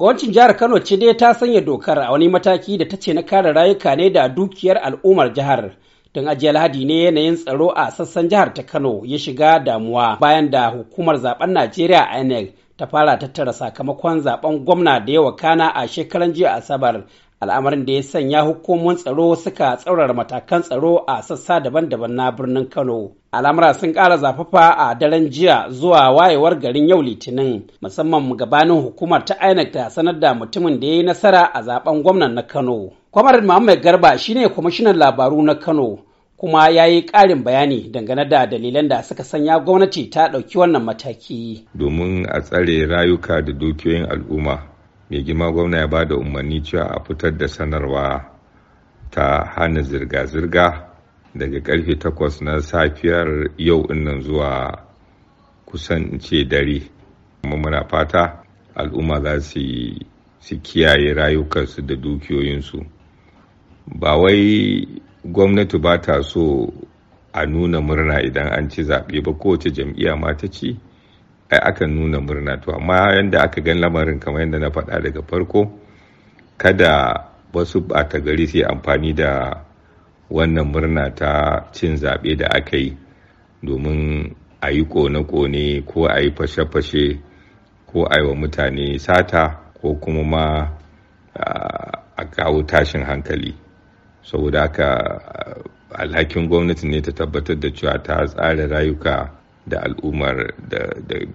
Gwamnatin jihar Kano ce dai ta sanya dokar a wani mataki da ta ce na kare rayuka ne da dukiyar al'ummar jihar. Don ajiye Lahadi ne yanayin tsaro a sassan jihar ta Kano ya shiga damuwa bayan da hukumar zaben Najeriya INEC ta fara tattara sakamakon zaben gwamna da yawa kana a shekaran jiya Asabar al'amarin da ya sanya hukumomin tsaro suka tsaurara matakan tsaro a sassa daban-daban na birnin kano al'amura sun ƙara zafafa a daren jiya zuwa wayewar garin yau litinin musamman gabanin hukumar ta inec da sanar da mutumin da ya yi nasara a zaben gwamnan na kano kwamar muhammad garba shine kwamishinan labaru na kano kuma ya yi ƙarin bayani dangane da dalilan da suka sanya gwamnati ta ɗauki wannan mataki domin a tsare rayuka da dukiyoyin al'umma mai gima gwamna ya ba da umarni cewa a fitar da sanarwa ta hana zirga-zirga daga karfe 8 na safiyar yau nan zuwa kusan ce dare kuma muna fata al'umma za su kiyaye rayukansu da dukiyoyinsu ba wai gwamnati ba ta so a nuna murna idan an ci zaɓe ba kowace jam'iyya ma ta ci akan nuna murna to amma yadda aka gan lamarin kamar yadda na faɗa daga farko kada wasu ɓata gari su yi amfani da wannan murna ta cin zaɓe da aka yi domin a yi kone-kone ko a yi fashe-fashe ko a yi wa mutane sata ko kuma ma a kawo tashin hankali saboda haka alhakin gwamnati ne ta tabbatar da cewa ta tsara rayuka da al'ummar da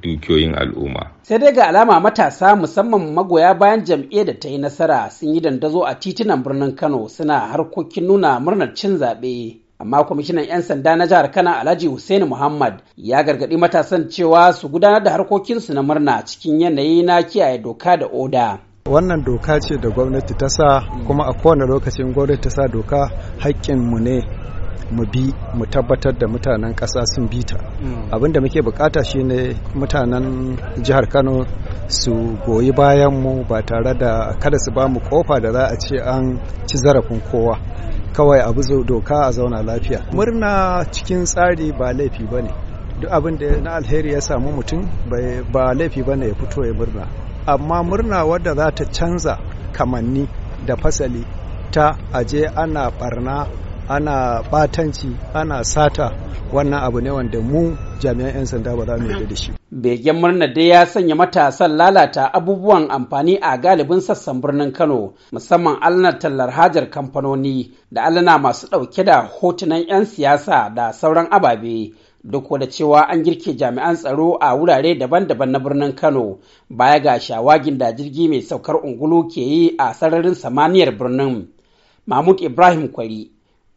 dukiyoyin al'umma. Sai dai ga alama matasa musamman magoya bayan jam'iyyar da ta yi nasara sun yi dandazo a titunan birnin Kano suna harkokin nuna murnar cin zaɓe. Amma kwamishinan 'yan sanda na jihar Kano Alhaji Hussein Muhammad ya gargaɗi matasan cewa su gudanar da harkokinsu na murna cikin yanayi na kiyaye doka da oda. wannan doka ce da gwamnati ta sa mm. kuma a kowane lokacin gwamnati ta sa doka mu ne mu bi mu tabbatar da mutanen ƙasa sun bi ta mm. abin da muke bukata shine mutanen jihar kano su goyi bayan mu ba tare da kada su ba mu kofa da za a ce an ci zarafin kowa kawai abu doka a zauna lafiya murna cikin tsari ba laifi ba ne duk abin da na alheri ya samu mutum ba laifi ba ne ya fito ya murna amma murna wadda za ta canza kamanni da fasali ta aje ana barna ana batanci ana sata wannan abu ne wanda mu jami'an 'yan sanda ba za mu yarda da shi begen murna dai ya sanya matasan lalata abubuwan amfani a galibin sassan birnin kano musamman alnar tallar hajar kamfanoni da alana masu ɗauke da hotunan 'yan siyasa da sauran ababe duk da cewa an girke jami'an tsaro a wurare daban-daban na birnin kano baya ga shawagin da jirgi mai saukar ungulu ke yi a sararin samaniyar birnin mahmud ibrahim kwari